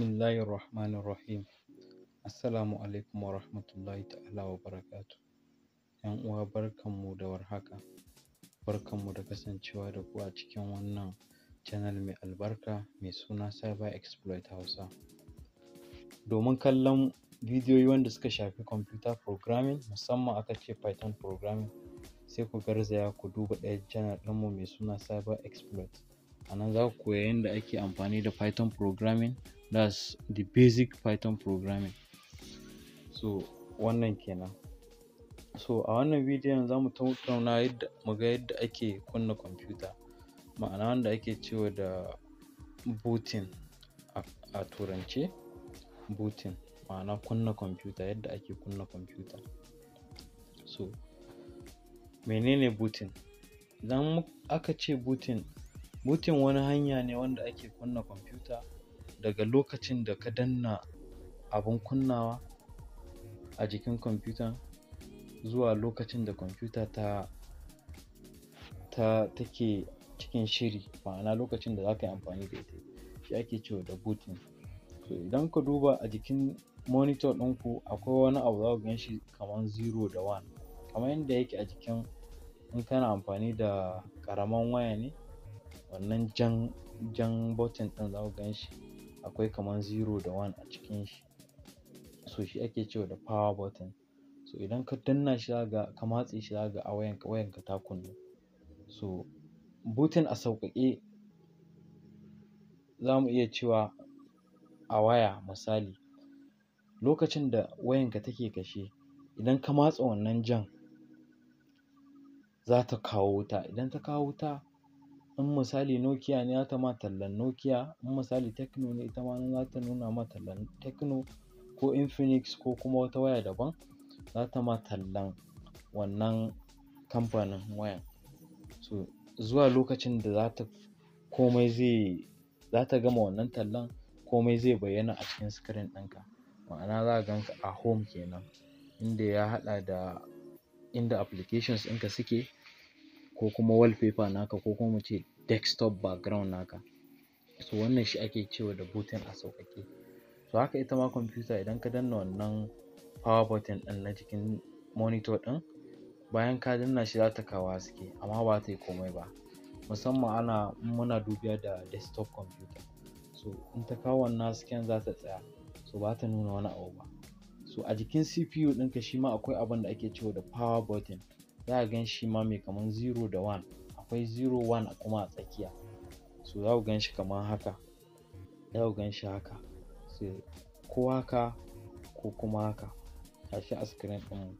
Bismillahir Rahmanir Rahim. Assalamu alaikum wa rahmatullahi ta'ala wa barakatu. ‘Yan uwa barkanmu da warhaka, barkanmu da kasancewa da ku a cikin wannan channel mai albarka mai suna Cyber Exploit Hausa. Domin kallon bidiyoyi wanda suka shafi computer programming musamman aka ce Python programming sai ku garzaya ku duba ɗaya channel ɗinmu mai suna Cyber Exploit. A nan za ku koya yadda ake amfani da Python programming that's the basic python programming so wannan kenan so a wannan bidiyon za mu tattauna yadda mu ga yadda ake kunna kwamfuta ma'ana wanda ake cewa da booting a turance booting ma'ana kunna kwamfuta yadda ake kunna kwamfuta so menene booting idan aka ce booting booting wani hanya ne wanda ake kunna kwamfuta daga lokacin da ka danna abun kunnawa a jikin kwamfuta zuwa lokacin da kwamfuta ta ta take cikin shiri ma'ana lokacin da za ka yi amfani da ita shi ake cewa da booting to idan ka duba a jikin monitor ɗinku akwai wani abu za ku gan shi kamar zero da one kamar yadda yake a jikin in kana amfani da karaman waya ne wannan jan jan button ɗin za ku gan shi akwai kamar zero da one a cikin shi so shi ake cewa da power button so idan ka danna shi zaka ka matse shi zaka a wayanka ka ta kunnu so button a sauƙaƙe za mu iya cewa a waya misali lokacin da wayanka take kashe idan ka matsa wannan jan za ta kawo wuta idan ta kawo wuta in misali Nokia ne za ta ma tallan Nokia in misali Tecno ne ita ma za ta nuna ma tallan Tecno ko Infinix ko kuma wata waya daban za ta ma tallan wannan kamfanin wayan so zuwa lokacin da za ta komai zai za ta gama wannan tallan komai zai bayyana a cikin screen ɗinka ma'ana za ka ganka a home kenan inda ya haɗa da inda applications ɗinka suke ko kuma wallpaper naka ko kuma mu ce desktop background naka so wannan shi ake cewa da button a sauƙaƙe so haka ita ma computer idan ka danna wannan power button ɗin na jikin monitor ɗin bayan ka danna shi za ta kawo haske amma ba ta yi komai ba musamman ana muna dubiya da desktop computer so in ta kawo wannan hasken za ta tsaya so ba ta nuna wani abu ba so a jikin cpu ɗinka shi ma akwai abin da ake cewa da power button za a gan shi ma mai kaman 0 da 1 akwai 0 1 kuma a tsakiya so za ku gan shi kaman haka za ku gan shi haka so ko haka ko kuma haka shi a screen ɗin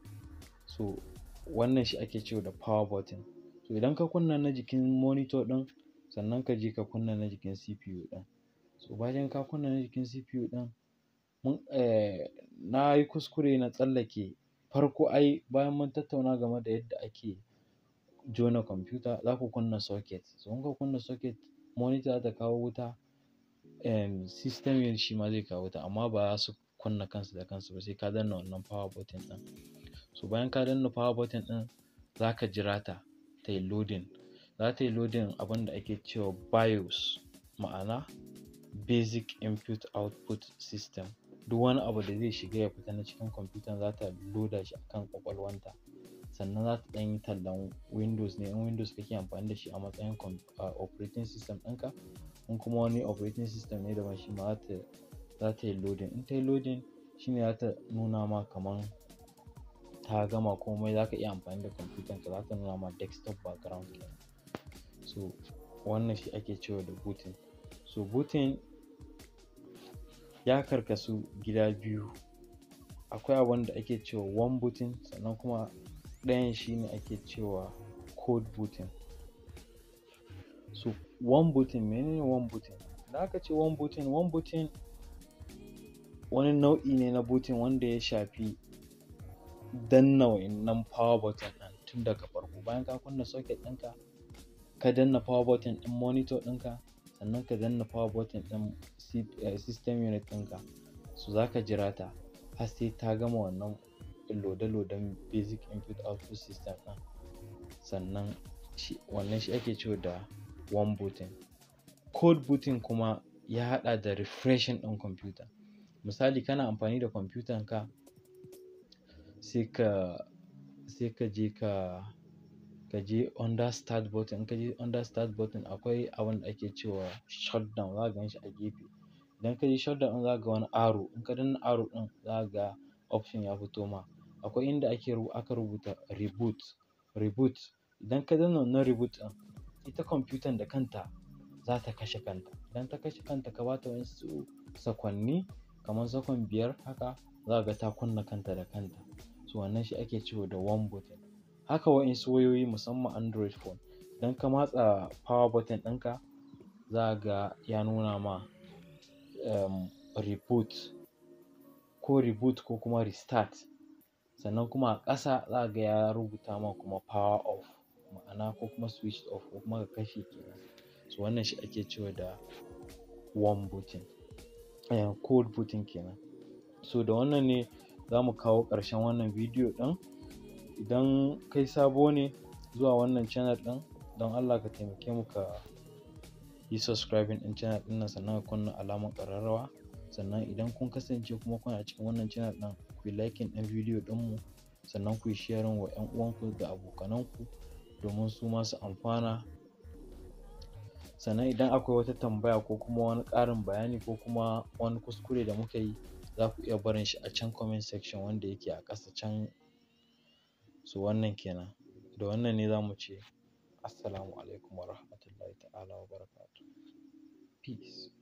so wannan shi ake cewa da power button so idan ka kunna na jikin monitor ɗin sannan ka je ka kunna na jikin CPU ɗin so bayan ka kunna na jikin CPU ɗin mun eh, na yi kuskure na tsallake farko ai bayan mun tattauna game da yadda ake jona kwamfuta za ku kunna soket, so in ka kunna soket, monita za ta kawo wuta um, system yin shi ma zai kawo wuta amma ba za su kunna kansu da kansu ba sai ka danna wannan power button ɗin so bayan ka danna power button ɗin za ka jira ta ta yi loading za ta yi loading abin da ake cewa bios ma'ana basic input output system duk wani abu da zai shiga ya fita na cikin kwamfutan za ta loda shi akan kwakwalwanta sannan za ta ɗan yi tallan windows ne in windows kake amfani da shi a matsayin operating system ɗinka in kuma wani operating system ne daban shi ma za ta yi loading in ta yi loading shine za ta nuna ma kaman ta gama komai za ka iya amfani da kwamfutan ka za ta nuna ma desktop background so wannan shi ake cewa da booting so booting ya karkasu gida biyu akwai abin da ake cewa warm button, sannan kuma ɗayan shi ne ake cewa cold button. so warm booting menene warm button? da aka ce warm button, warm button wani nau'i ne na button wanda ya shafi danna wa'innan power button ɗin tun daga farko bayan ka kunna socket ɗinka ka danna power button ɗin monitor ɗinka sannan ka danna power button ɗin eh, system unit ɗinka su za ka jira ta har sai ta gama wannan lode-loden basic input output system ɗin sannan wannan shi ake cewa da one booting code booting kuma ya haɗa da refreshing ɗin computer, misali kana amfani da computer ka sai ka je ka ka je under start button in ka je under start button akwai abin da ake cewa shutdown za ka gan shi a gefe idan ka je shutdown ɗin za ka ga wani arrow in ka danna arrow ɗin za ka ga option ya fito ma akwai inda ake aka rubuta reboot reboot idan ka danna wannan reboot ɗin ita computer da kanta za ta kashe kanta idan ta kashe kanta ka bata wasu sakwanni kamar sakon biyar haka za ka ga ta kunna kanta da kanta so wannan shi ake cewa da one button haka wa'insu wayoyi musamman android phone idan ka matsa power button ɗinka za ga ya nuna ma um, reboot ko reboot ko kuma restart sannan kuma a ƙasa za ga ya rubuta ma kuma power off ma'ana ko kuma switch off ko kuma ka kashe kenan so wannan shi ake cewa da warm booting eh, cold booting kenan so da wannan ne za mu kawo ƙarshen wannan bidiyo ɗin idan kai sabo ne zuwa wannan channel ɗin don Allah ka taimake mu ka yi subscribing ɗin channel din nan sannan ka kunna alamar ƙararrawa sannan idan kun kasance kuma kuna cikin wannan channel din ku yi liking ɗin bidiyo ɗinmu sannan ku yi sharing wa ƴan uwanku da abokananku domin su masu amfana sannan idan akwai wata tambaya ko kuma wani ƙarin bayani ko kuma wani kuskure da muka yi za ku iya barin shi a can comment section wanda yake a ƙasa can Su wannan kenan da wannan ne za mu ce assalamu alaikum wa rahmatullahi ta'ala wa barakatuhu peace